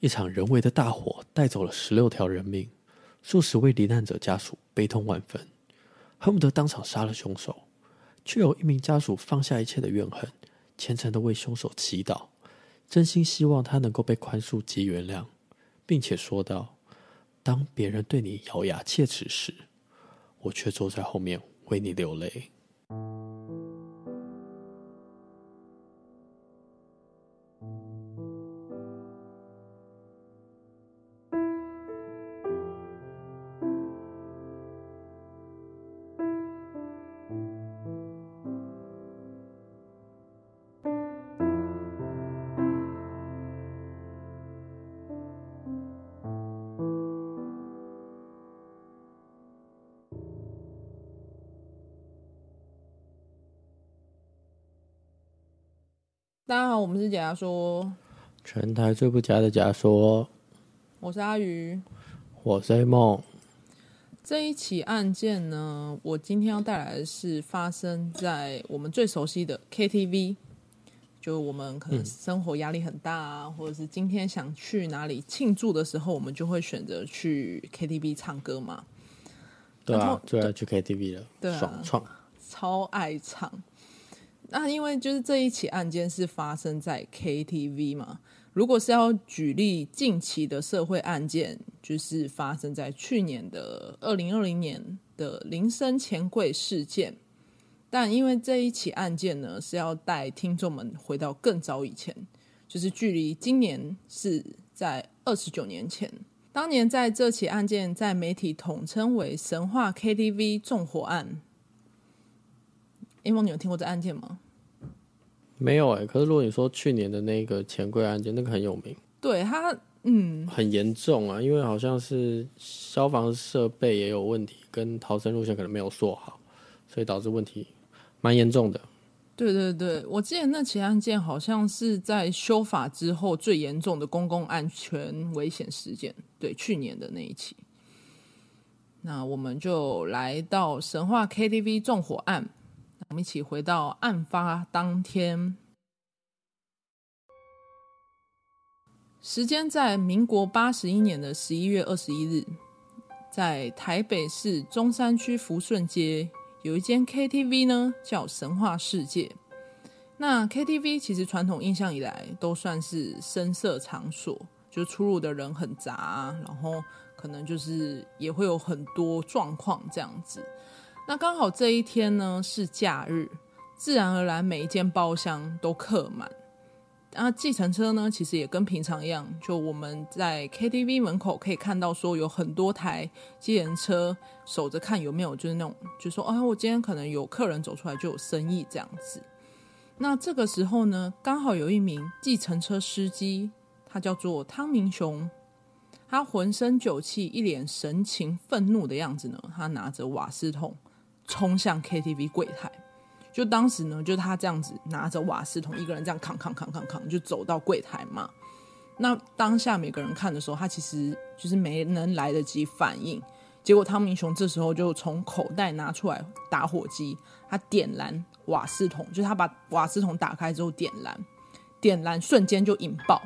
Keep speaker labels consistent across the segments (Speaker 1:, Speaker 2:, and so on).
Speaker 1: 一場人為的大火帶走了十六條人命，數十位罹難者家屬悲痛萬分，恨不得當場殺了凶手，卻有一名家屬放下一切的怨恨，虔誠地為凶手祈禱，真心希望他能夠被寬恕及原諒，并且說道：“當別人對你咬牙切齒時，我卻坐在後面為你流淚。”
Speaker 2: 啊、我們是解壓說，
Speaker 1: 全台最不假的解壓說。
Speaker 2: 我是阿魚，
Speaker 1: 我是夢。
Speaker 2: 這一起案件呢，我今天要帶來的是發生在我們最熟悉的 KTV，就我們可能生活壓力很大，啊、嗯，或者是今天想去哪裡慶祝的時候，我們就會選擇去 KTV 唱歌嘛。
Speaker 1: 對啊，就要去 KTV 了，對啊，爽唱，
Speaker 2: 超愛唱。那、啊、因為就是這一起案件是發生在 KTV 嘛，如果是要舉例近期的社會案件，就是發生在去年的二零二零年的林森錢櫃事件。但因為這一起案件呢，是要帶聽眾們回到更早以前，就是距離今年是在二十九年前。當年在這起案件，在媒體統稱為“神話 KTV 縱火案”。哎，夢，你有聽過這案件嗎？
Speaker 1: 沒有哎、欸，可是如果你說去年的那個錢櫃案件，那個很有名。
Speaker 2: 對，他，嗯，
Speaker 1: 很嚴重啊，因為好像是消防設備也有問題，跟逃生路線可能沒有做好，所以導致問題蠻嚴重的。
Speaker 2: 對對對，我記得那起案件好像是在修法之後最嚴重的公共安全危險事件。對，去年的那一起。那我們就來到神話 KTV 縱火案。我們一起回到案發當天，時間在民國八十一年的十一月二十一日，在台北市中山區福順街有一間 KTV 呢，叫神話世界。那 KTV 其實傳統印象以來都算是聲色場所，就出入的人很雜，然後可能就是也會有很多狀況這樣子。那剛好這一天呢是假日，自然而然每一間包廂都客滿。那計程車呢，其實也跟平常一樣，就我們在 KTV 門口可以看到，說有很多台計程車守着看有沒有就是那種，就說哎、哦，我今天可能有客人走出來就有生意這樣子。那這個時候呢，剛好有一名計程車司機，他叫做湯明雄，他渾身酒氣，一臉神情憤怒的樣子呢，他拿着瓦斯桶。衝向 KTV 櫃檯，就當時呢，就他這樣子拿着瓦斯桶，一個人這樣扛扛扛扛扛，就走到櫃檯嘛。那當下每個人看的時候，他其實就是沒能來得及反應。結果湯銘雄這時候就從口袋拿出來打火機，他點燃瓦斯桶，就是他把瓦斯桶打開之後點燃，點燃瞬間就引爆，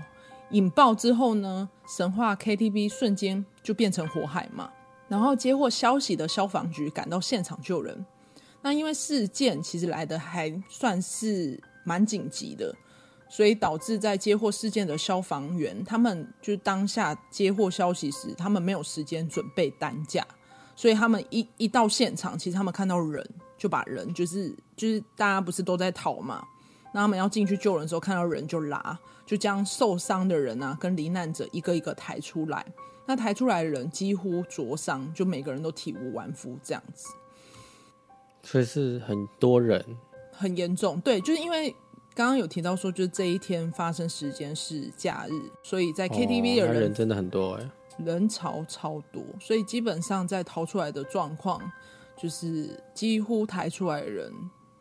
Speaker 2: 引爆之後呢，神話 KTV 瞬間就變成火海嘛。然後接獲消息的消防局趕到現場救人。那因為事件其實來的還算是蠻緊急的，所以導致在接獲事件的消防員，他們就當下接獲消息時，他們沒有時間準備擔架，所以他們一一到現場，其實他們看到人就把人就是，就是大家不是都在逃嘛，那他們要進去救人的時候看到人就拉，就將受傷的人啊跟罹難者一個一個抬出來。那抬出來的人幾乎灼傷，就每個人都體無完膚這樣子，
Speaker 1: 所以是很多人，
Speaker 2: 很嚴重。對，就是因為剛剛有提到說，就是這一天發生時間是假日，所以在 KTV 的人，哦，人真的很多哎，欸，人潮超多，所以基本上在逃出來的狀況，就是幾乎抬出來的人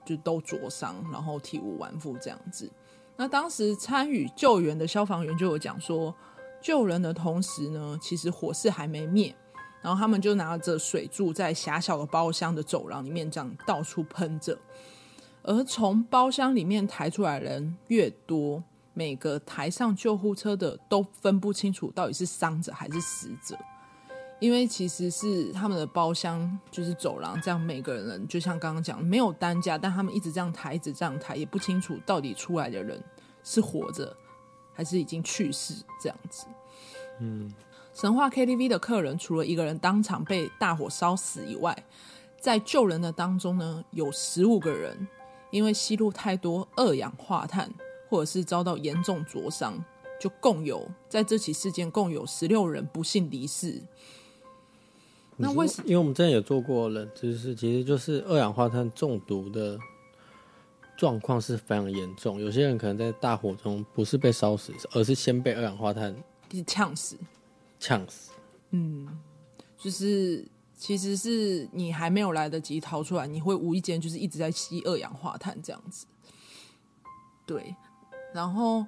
Speaker 2: 就都灼傷，然後體無完膚這樣子。那當時參與救援的消防員就有講說。救人的同時呢，其實火勢還沒滅，然後他們就拿着水柱在狹小的包廂的走廊裡面這樣到處噴着，而從包廂裡面抬出來的人越多，每個抬上救護車的都分不清楚到底是傷者還是死者，因為其實是他們的包廂就是走廊，這樣每個人就像剛剛講沒有擔架，但他們一直這樣抬一直這樣抬，也不清楚到底出來的人是活着。還是已經去世，這樣子，
Speaker 1: 嗯，
Speaker 2: 神話 KTV 的客人除了一個人當場被大火燒死以外，在救人的當中呢，有十五個人因為吸入太多二氧化碳，或者是遭到嚴重灼傷，就共有在這起事件共有十六人不幸離世。
Speaker 1: 那為什？因為我們之前有做過了，就是其實就是二氧化碳中毒的。狀況是非常嚴重，有些人可能在大火中不是被燒死，而是先被二氧化碳
Speaker 2: 一嗆死，
Speaker 1: 嗆死。
Speaker 2: 嗯，就是其實是你還沒有來得及逃出來，你會無意間就是一直在吸二氧化碳這樣子。對，然後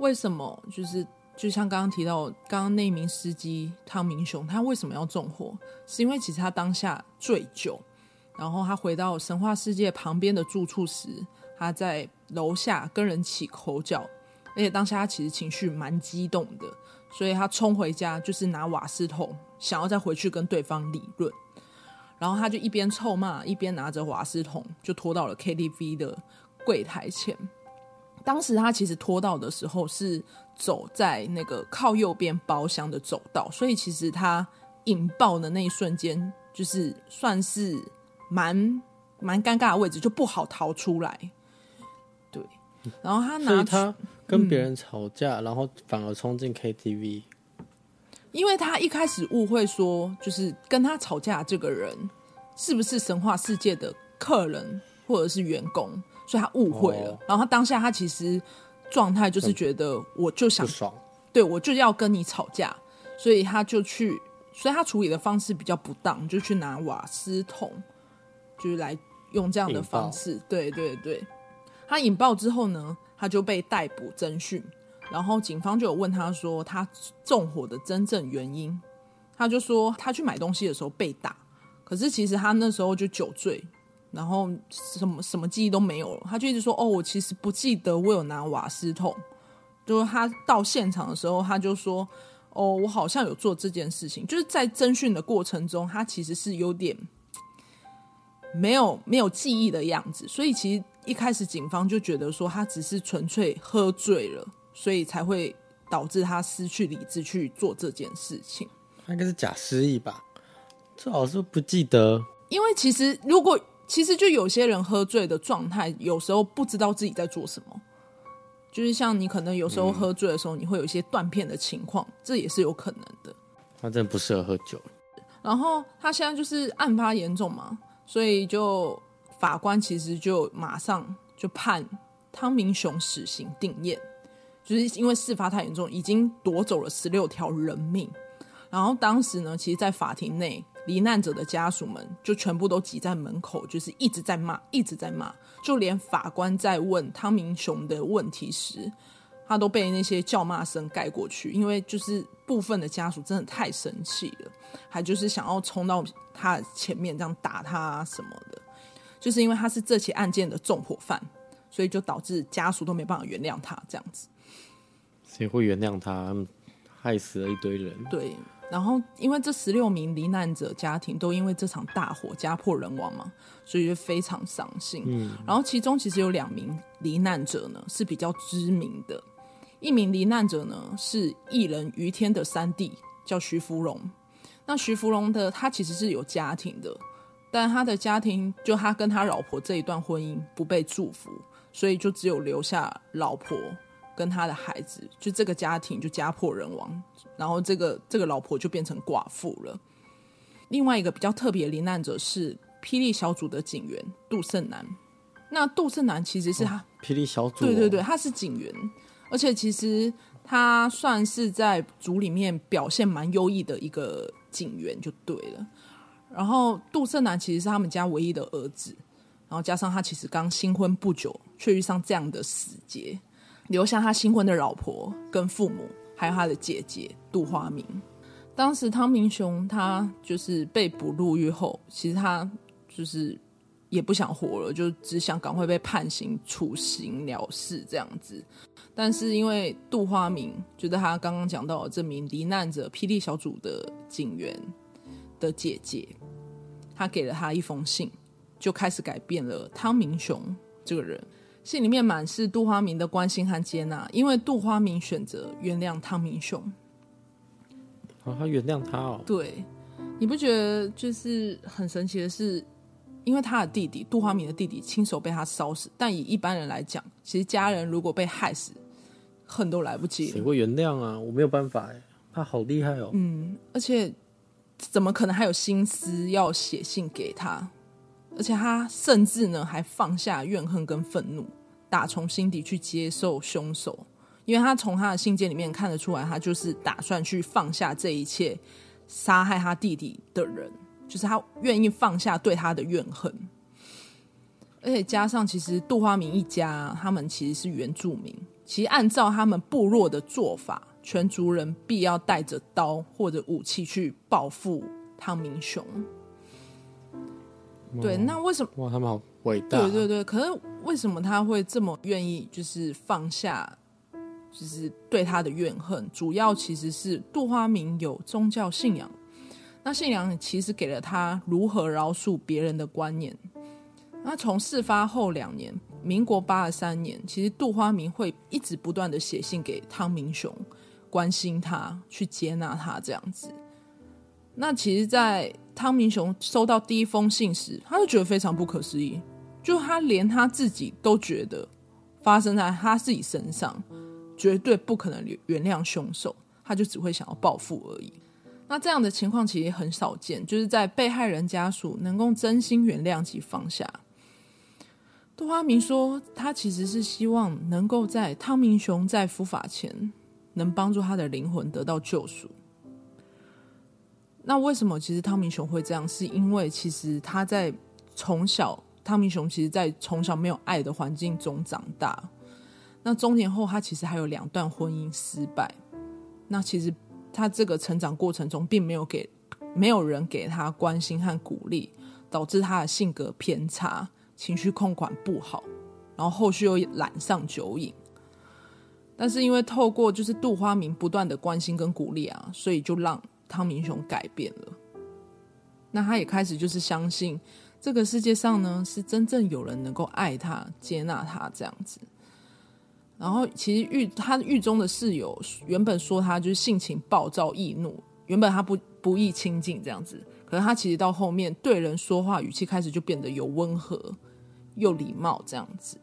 Speaker 2: 為什麼就是就像剛剛提到，剛剛那名司機湯明雄，他為什麼要縱火？是因為其實他當下醉酒，然後他回到神話世界旁邊的住處時，他在樓下跟人起口角，而且當下他其實情緒蠻激動的，所以他衝回家就是拿瓦斯桶，想要再回去跟對方理論。然後他就一邊臭罵，一邊拿着瓦斯桶，就拖到了 KTV 的櫃檯前。當時他其實拖到的時候是走在那個靠右邊包廂的走道，所以其實他引爆的那一瞬間，就是算是蠻蠻尷尬的位置，就不好逃出來。然後他拿他跟別人
Speaker 1: 吵架、嗯，然後反而衝進 KTV，
Speaker 2: 因為他一開始誤會說，就是跟他吵架這個人是不是神話世界的客人或者是員工，所以他誤會了。哦、然後他當下他其實狀態就是覺得，我就想，嗯、爽對我就要跟你吵架，所以他就去，所以他處理的方式比較不當，就去拿瓦斯桶，就是來用這樣的方式，對對對。他引爆之後呢，他就被逮捕偵訊，然後警方就有問他說他縱火的真正原因，他就說他去買東西的時候被打，可是其實他那時候就酒醉，然後什麼什麼記憶都沒有了，他就一直說哦，我其實不記得我有拿瓦斯桶，就是他到現場的時候他就說哦，我好像有做這件事情，就是在偵訊的過程中，他其實是有點沒有沒有記憶的樣子，所以其實。一開始警方就覺得說他只是純粹喝醉了，所以才會導致他失去理智去做這件事情。
Speaker 1: 應該是假失憶吧，最好是不記得。
Speaker 2: 因為其實如果其實就有些人喝醉的狀態，有時候不知道自己在做什麼。就是像你可能有時候喝醉的時候，你會有一些斷片的情況，這也是有可能的。
Speaker 1: 他真不適合喝酒。
Speaker 2: 然後他現在就是案發嚴重嘛，所以就。法官其實就馬上就判湯明雄死刑定讞，就是因為事發太嚴重，已經奪走了十六條人命。然後當時呢，其實，在法庭內罹難者的家屬們就全部都擠在門口，就是一直在罵，一直在罵。就連法官在問湯明雄的問題時，他都被那些叫罵聲蓋過去。因為就是部分的家屬真的太生氣了，還就是想要衝到他前面這樣打他、啊、什麼的。就是因為他是這起案件的縱火犯，所以就導致家屬都沒辦法原諒他這樣子。
Speaker 1: 誰會原諒他？害死了一堆人。對，
Speaker 2: 然後因為這十六名罹難者家庭都因為這場大火家破人亡嘛，所以就非常傷心。嗯。然後其中其實有兩名罹難者呢是比較知名的，一名罹難者呢是藝人余天的三弟，叫余福榮。那余福榮的他其實是有家庭的。但他的家庭，就他跟他老婆這一段婚姻不被祝福，所以就只有留下老婆跟他的孩子，就這個家庭就家破人亡，然後這個這個老婆就變成寡婦了。另外一個比較特別的罹難者是霹靂小組的警員杜勝男。那杜勝男其實是他、
Speaker 1: 哦、霹靂小組、哦，對對對，
Speaker 2: 他是警員，而且其實他算是在組裡面表現蠻優異的一個警員，就對了。然後，杜聖男其實是他們家唯一的兒子，然後加上他其實剛新婚不久，卻遇上這樣的死劫，留下他新婚的老婆跟父母，還有他的姐姐杜花明。當時湯明雄他就是被捕入獄後，其實他就是也不想活了，就只想趕快被判刑，處刑了事這樣子。但是因為杜花明，就在，是，他剛剛講到的這名罹難者——霹靂小組的警員。的姐姐，他給了他一封信，就開始改變了湯明雄這個人。信裡面滿是杜花明的關心和接納，因為杜花明選擇原諒湯明雄。
Speaker 1: 好、哦，他原諒他哦。
Speaker 2: 對，你不覺得就是很神奇的是，因為他的弟弟杜花明的弟弟親手被他燒死，但以一般人來講，其實家人如果被害死，恨都來不及。誰
Speaker 1: 會原諒啊？我沒有辦法哎、欸，他好厲害哦。嗯，
Speaker 2: 而且。怎麼可能還有心思要寫信給他？而且他甚至呢，還放下怨恨、跟憤怒，打從心底去接受兇手。因為他從他的信件裡面看得出來，他就是打算去放下這一切，殺害他弟弟的人，就是他願意放下對他的怨恨。而且加上，其實杜花明一家，他們其實是原住民，其實按照他們部落的做法，全族人必要帶着刀或者武器去報復湯明雄。
Speaker 1: 對，那為什麼？哇，他們好偉大！對對
Speaker 2: 對，可是為什麼他會這麼願意，就是放下，就是對他的怨恨？主要其實是杜花明有宗教信仰，那信仰其實給了他如何饒恕別人的觀念。那從事發後兩年，民國八十三年，其實杜花明會一直不斷的寫信給湯明雄。關心他，去接納他，這樣子。那其實，在湯明雄收到第一封信時，他就覺得非常不可思議。就他連他自己都覺得，發生在他自己身上，絕對不可能原諒兇手，他就只會想要報復而已。那這樣的情況其實很少見，就是在被害人家屬能夠真心原諒及放下。杜花明說，他其實是希望能夠在湯明雄在伏法前，能幫助他的靈魂得到救贖。那為什麼其實湯明雄會這樣？是因為其實他在從小，湯明雄其實在從小沒有愛的環境中長大。那中年後，他其實還有兩段婚姻失敗。那其實他這個成長過程中，並沒有給，沒有人給他關心和鼓勵，導致他的性格偏差，情緒控管不好，然後後續又染上酒癮。但是因為透過就是杜花明不斷的關心跟鼓勵啊，所以就讓湯明雄改變了。那他也開始就是相信這個世界上呢，是真正有人能夠愛他、接納他這樣子。然後其實獄他獄中的室友原本說他就是性情暴躁、易怒，原本他不不易親近這樣子。可是他其實到後面對人說話語氣開始就變得有溫和、又禮貌這樣子。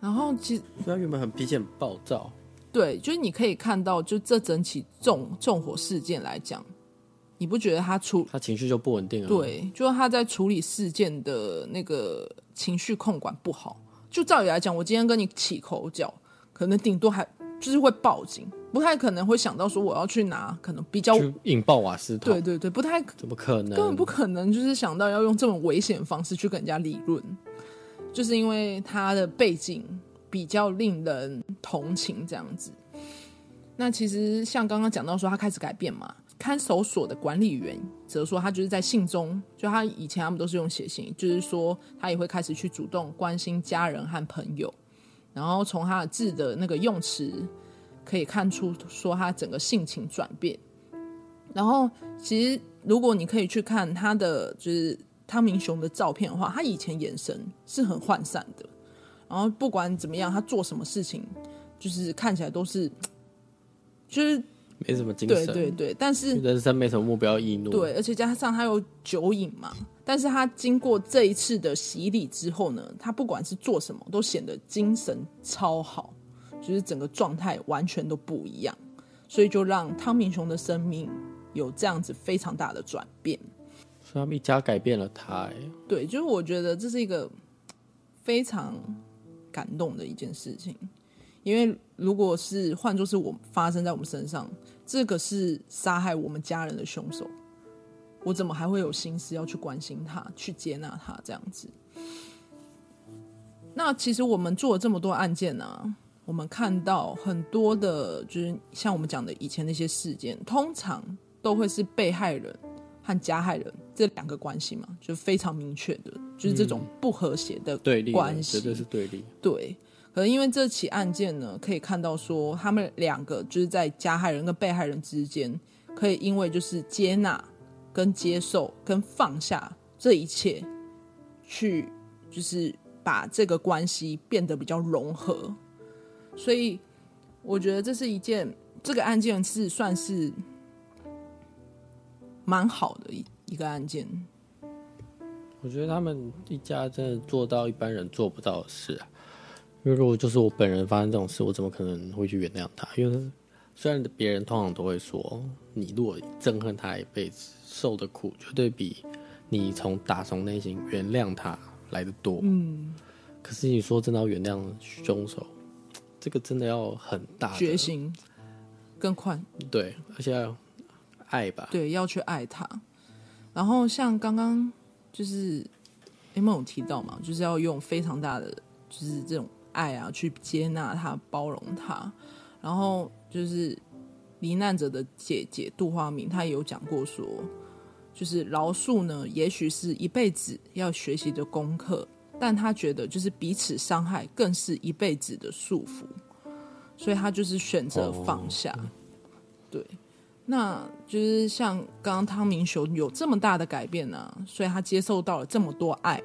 Speaker 1: 然後其實他原本很脾氣很暴躁，
Speaker 2: 對，就是你可以看到，就這整起縱縱火事件來講，
Speaker 1: 你不覺得他處他情緒就不穩定啊？了？
Speaker 2: 對，就是他在處理事件的那個情緒控管不好。就照理來講，我今天跟你起口角，可能頂多還就是會報警，不太可能會想到說我要去拿可能比較去引爆瓦斯桶。對對對，不太怎麼可能，根本不可能就是想到要用這種危險方式去跟人家理論。就是因為他的背景比較令人同情這樣子。那其實像剛剛講到說他開始改變嘛，看守所的管理員則說他就是在信中，就他以前他們都是用寫信，就是說他也會開始去主動關心家人和朋友，然後從他的字的那個用詞可以看出說他整個性情轉變。然後其實如果你可以去看他的就是。湯明雄的照片的話，他以前眼神是很渙散的，然後不管怎麼樣，他做什麼事情，就是看起來都是就是
Speaker 1: 沒什麼精神，對對對。但是人生沒什麼目標，易怒。對，
Speaker 2: 而且加上他有酒癮嘛。但是他經過這一次的洗禮之後呢，他不管是做什麼，都顯得精神超好，就是整個狀態完全都不一樣。所以就讓湯明雄的生命有這樣子非常大的轉變。
Speaker 1: 所以他們一家改變了他、欸，
Speaker 2: 對，就是我覺得這是一個非常感動的一件事情，因為如果是換作是我發生在我們身上，這個是殺害我們家人的兇手，我怎麼還會有心思要去關心他，去接納他這樣子？那其實我們做了這麼多案件呢、啊，我們看到很多的，就是像我們講的以前那些事件，通常都會是被害人和加害人。這兩個關係嘛，就非常明確的，嗯、就是這種不和諧的對立關係，對對，對，可能因為這起案件呢，可以看到說，他們兩個就是在加害人跟被害人之間，可以因為就是接納、跟接受、跟放下這一切，去就是把這個關係變得比較融合。所以，我覺得這是一件，這個案件是算是蠻好的一件。一個案件，
Speaker 1: 我覺得他們一家真的做到一般人做不到的事啊。因為如果就是我本人發生這種事，我怎麼可能會去原諒他？因為雖然別人通常都會說，你如果憎恨他一輩子，受的苦，絕對比你從打從內心原諒他來得多。嗯，可是你說真的要原諒兇手，這個真的要很大決心更快，更寬對，
Speaker 2: 而且要愛吧？對，要去愛他。然後像剛剛就是欸、Meng 有提到嘛，就是要用非常大的就是這種愛啊，去接納他、包容他。然後就是罹難者的姐姐杜花明，她也有講過說，就是饒恕呢，也許是一輩子要學習的功課，但他覺得就是彼此傷害更是一輩子的束縛，所以他就是選擇放下。哦哦哦哦對。那就是像剛剛湯明雄有這麼大的改變呢、啊，所以他接受到了這麼多愛，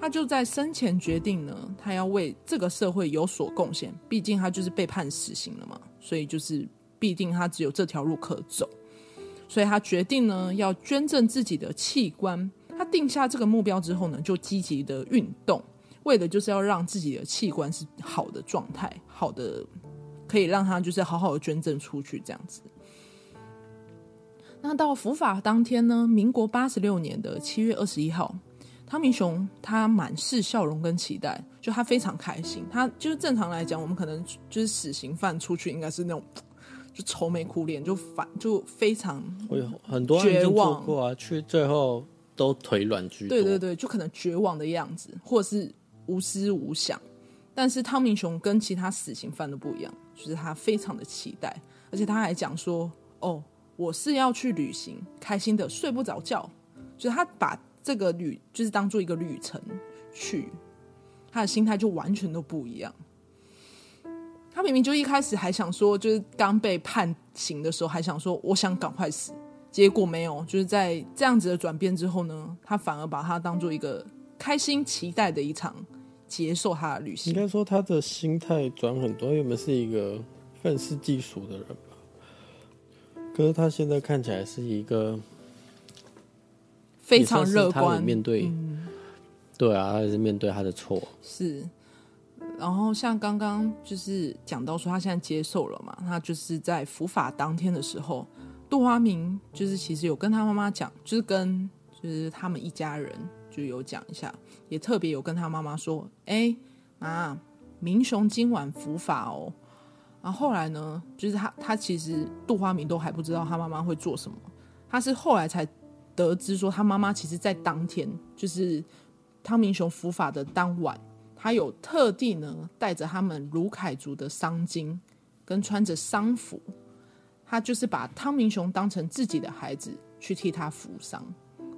Speaker 2: 他就在生前決定呢，他要為這個社會有所貢獻。畢竟他就是被判死刑了嘛，所以就是必定他只有這條路可走，所以他決定呢要捐贈自己的器官。他定下這個目標之後呢，就積極的運動，為的就是要讓自己的器官是好的狀態，好的可以讓他就是好好的捐贈出去，這樣子。那到伏法當天呢？民國八十六年的七月二十一號，湯明雄他滿是笑容跟期待，就他非常開心。他就是正常來講，我們可能就是死刑犯出去應該是那種，就愁眉苦臉，就反就非常會
Speaker 1: 有很多絕望啊，去最後都腿軟居多。對
Speaker 2: 對對，就可能絕望的樣子，或者是無思無想。但是湯明雄跟其他死刑犯都不一樣，就是他非常的期待，而且他還講說：“哦。”我是要去旅行，開心的睡不着覺。就是他把這個旅就是當做一個旅程去，他的心態就完全都不一樣。他明明就一開始還想說，就是剛被判刑的時候還想說我想趕快死，結果沒有，就是在這樣子的轉變之後呢，他反而把他當做一個開心期待的一場接受他的旅行。應
Speaker 1: 該說他的心態轉很多，因為我們是一個憤世嫉俗的人。可是他現在看起來是一個
Speaker 2: 非常樂觀，面
Speaker 1: 對、嗯、對啊，他也是面對他的錯
Speaker 2: 是。然後像剛剛就是講到說，他現在接受了嘛？他就是在伏法當天的時候，杜華明就是其實有跟他媽媽講，就是跟就是他們一家人就有講一下，也特別有跟他媽媽說：“哎、欸，啊，明雄今晚伏法哦。”然後後來呢，就是他，他其實杜花明都還不知道他媽媽會做什麼。他是後來才得知，說他媽媽其實，在當天就是湯明雄伏法的當晚，他有特地呢帶着他們魯凱族的喪巾，跟穿着喪服，他就是把湯明雄當成自己的孩子去替他服喪，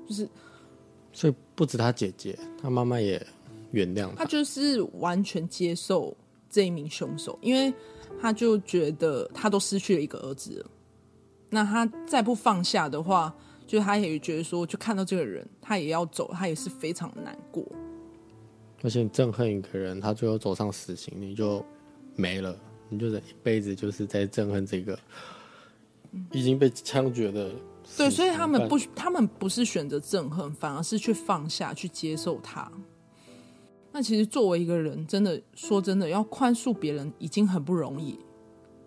Speaker 2: 就是。
Speaker 1: 所以不止他姐姐，他媽媽也原諒了
Speaker 2: 他，他就是完全接受。這一名兇手，因為他就覺得他都失去了一個兒子，那他再不放下的話，就他也覺得說，就看到這個人，他也要走，他也是非常的難過。
Speaker 1: 而且你憎恨一個人，他最後走上死刑，你就沒了，你就是一輩子就是在憎恨這個已經被槍決的。嗯。對，所以他們不，
Speaker 2: 他們不是選擇憎恨，反而是去放下去接受他。那其實作為一個人，真的說真的，要寬恕別人已經很不容易，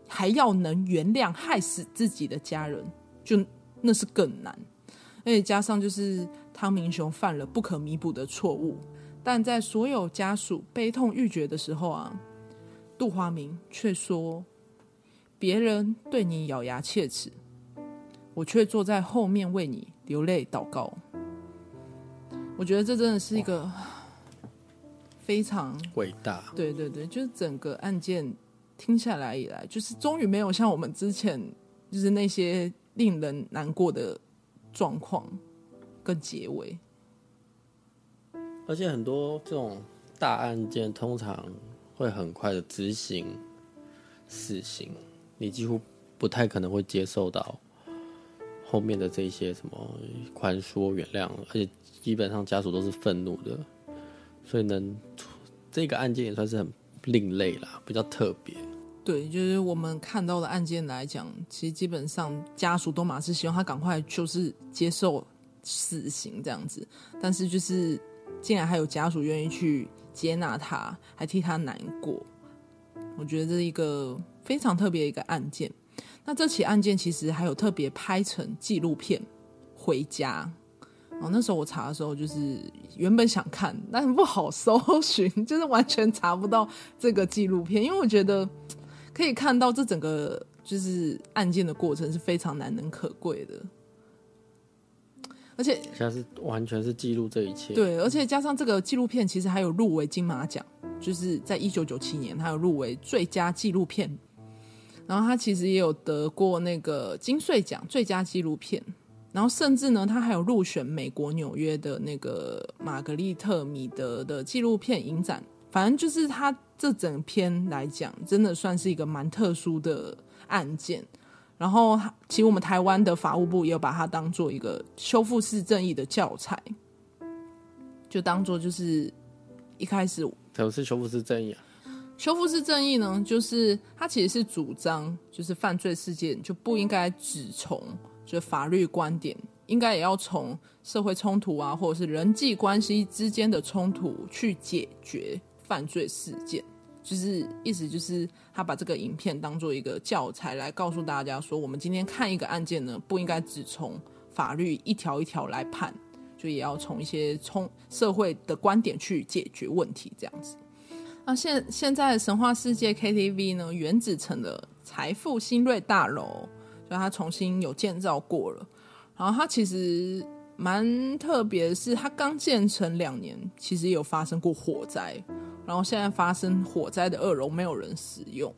Speaker 2: 還要能原諒害死自己的家人，就那是更難。而且加上就是湯明雄犯了不可彌補的錯誤，但在所有家屬悲痛欲絕的時候啊，杜花明卻說：“別人對你咬牙切齒，我卻坐在後面為你流淚禱告。”我覺得這真的是一個。非常
Speaker 1: 偉大，對
Speaker 2: 對對，就是整個案件聽下來以來，就是終於沒有像我們之前就是那些令人難過的狀況跟結尾。
Speaker 1: 而且很多這種大案件通常會很快的執行死刑，你幾乎不太可能會接受到後面的這些什麼寬恕原諒，而且基本上家屬都是憤怒的。所以呢，這個案件也算是很另類啦，比較特別。
Speaker 2: 對，就是我們看到的案件來講，其實基本上家屬都嘛是希望他趕快就是接受死刑這樣子，但是就是竟然還有家屬願意去接納他，還替他難過，我覺得這是一個非常特別的一個案件。那這起案件其實還有特別拍成紀錄片《回家》。哦，那時候我查的時候，就是原本想看，但是不好搜尋，就是完全查不到這個紀錄片。因為我覺得可以看到這整個就是案件的過程是非常難能可貴的，而且
Speaker 1: 現在是完全是記錄這一切。對，
Speaker 2: 而且加上這個紀錄片，其實還有入圍金馬獎，就是在一九九七年，他有入圍最佳紀錄片，然後他其實也有得過那個金穗獎最佳紀錄片。然後甚至呢，他還有入選美國紐約的那個瑪格麗特米德的紀錄片影展。反正就是他這整篇來講，真的算是一個蠻特殊的案件。然後其實我們台灣的法務部也有把它當做一個修復式正義的教材，就當作就是一開始什
Speaker 1: 麼是修復式正義啊？
Speaker 2: 修復式正義呢，就是他其實是主張，就是犯罪事件就不應該只從。就法律觀點，應該也要從社會衝突啊，或者是人際關係之間的衝突去解決犯罪事件。就是意思就是，他把這個影片當做一個教材來告訴大家說，我們今天看一個案件呢，不應該只從法律一條一條來判，就也要從一些從社會的觀點去解決問題這樣子。那現現在神話世界 KTV 呢，原址成了財富新銳大樓。所以他重新有建造過了，然後他其實蠻特別的是，他剛建成兩年，其實有發生過火災，然後現在發生火災的二樓沒有人使用，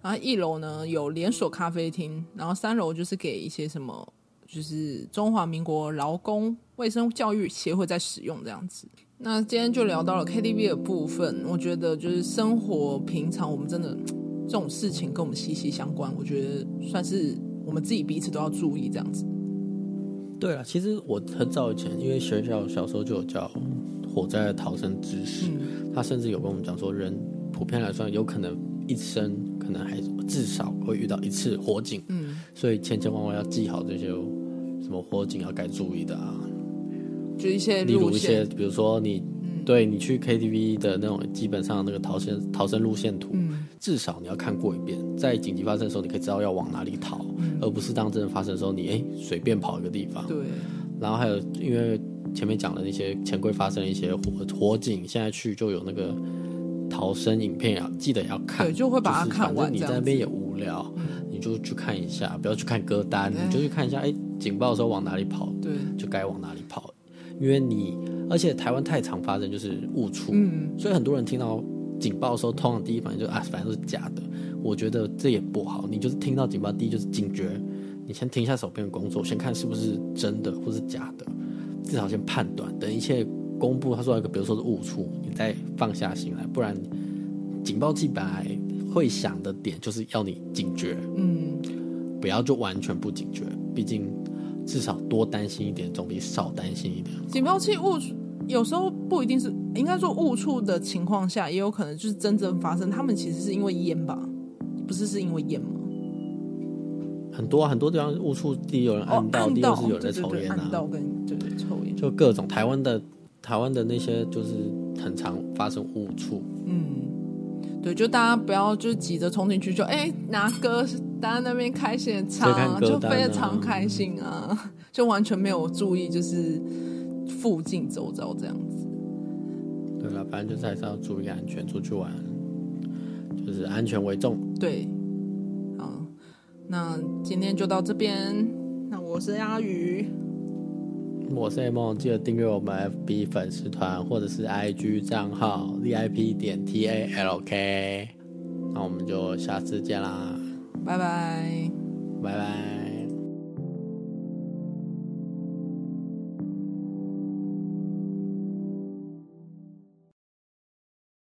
Speaker 2: 然後一樓呢有連鎖咖啡廳，然後三樓就是給一些什麼，就是中華民國勞工衛生教育協會在使用這樣子。那今天就聊到了 KTV 的部分，我覺得就是生活平常我們真的。這種事情跟我們息息相關，我覺得算是我們自己彼此都要注意這樣子。
Speaker 1: 對啊，其實我很早以前，因為學校小時候就有教火災的逃生知識，他、嗯、甚至有跟我們講說人，人普遍來說有可能一生可能還至少會遇到一次火警，嗯，所以千千萬萬要記好這些什麼火警要該注意的啊，
Speaker 2: 就一些例如一些，
Speaker 1: 比如說你、嗯、對你去 KTV 的那種，基本上那個逃生逃生路線圖。嗯至少你要看過一遍，在緊急發生的時候，你可以知道要往哪裡逃，嗯，而不是當真的發生的時候你，你哎隨便跑一個地方。對。然後還有，因為前面講的那些錢櫃發生的一些火火警，現在去就有那個逃生影片啊，記得要看。就會把它看、就是、看完。你在那邊也無聊，嗯，你就去看一下，不要去看歌單，你就去看一下。哎、欸，警報的時候往哪裡跑？對，就該往哪裡跑。因為你而且台灣太常發生就是誤觸，嗯，所以很多人聽到。警報的時候，通常第一反應就啊，反正都是假的。我覺得這也不好。你就是聽到警報，第一就是警覺，你先停下手邊的工作，先看是不是真的或是假的，至少先判斷。等一切公布，他說一個，比如說是誤觸，你再放下心來。不然，警報器本來會響的點，就是要你警覺。嗯，不要就完全不警覺，畢竟至少多擔心一點，總比少擔心一點。
Speaker 2: 警報器誤，有時候不一定是。應該說誤觸的情況下，也有可能就是真正發生。他們其實是因為煙吧，不是是因為煙嗎？
Speaker 1: 很多啊，很多地方誤觸，第一有人按到，哦、按到，第二是有人在抽煙啊，對對對，按
Speaker 2: 到跟就是抽煙，就
Speaker 1: 各種台灣的台灣的那些就是很常發生誤觸。嗯，
Speaker 2: 對，就大家不要就急着衝進去就，就、欸、哎拿歌 大家那邊開心唱、啊，就非常開心啊，嗯、 就完全沒有注意就是附近周遭這樣
Speaker 1: 反正就是還是要注意安全，出去玩就是安全為重。對，好，
Speaker 2: 那今天就到這邊。那我是阿魚，
Speaker 1: 我是 Amon，記得訂閱我們 FB 粉絲團或者是 IG 賬號 ZIP 點 TALK。那我們就下次見啦，
Speaker 2: 拜拜，
Speaker 1: 拜拜。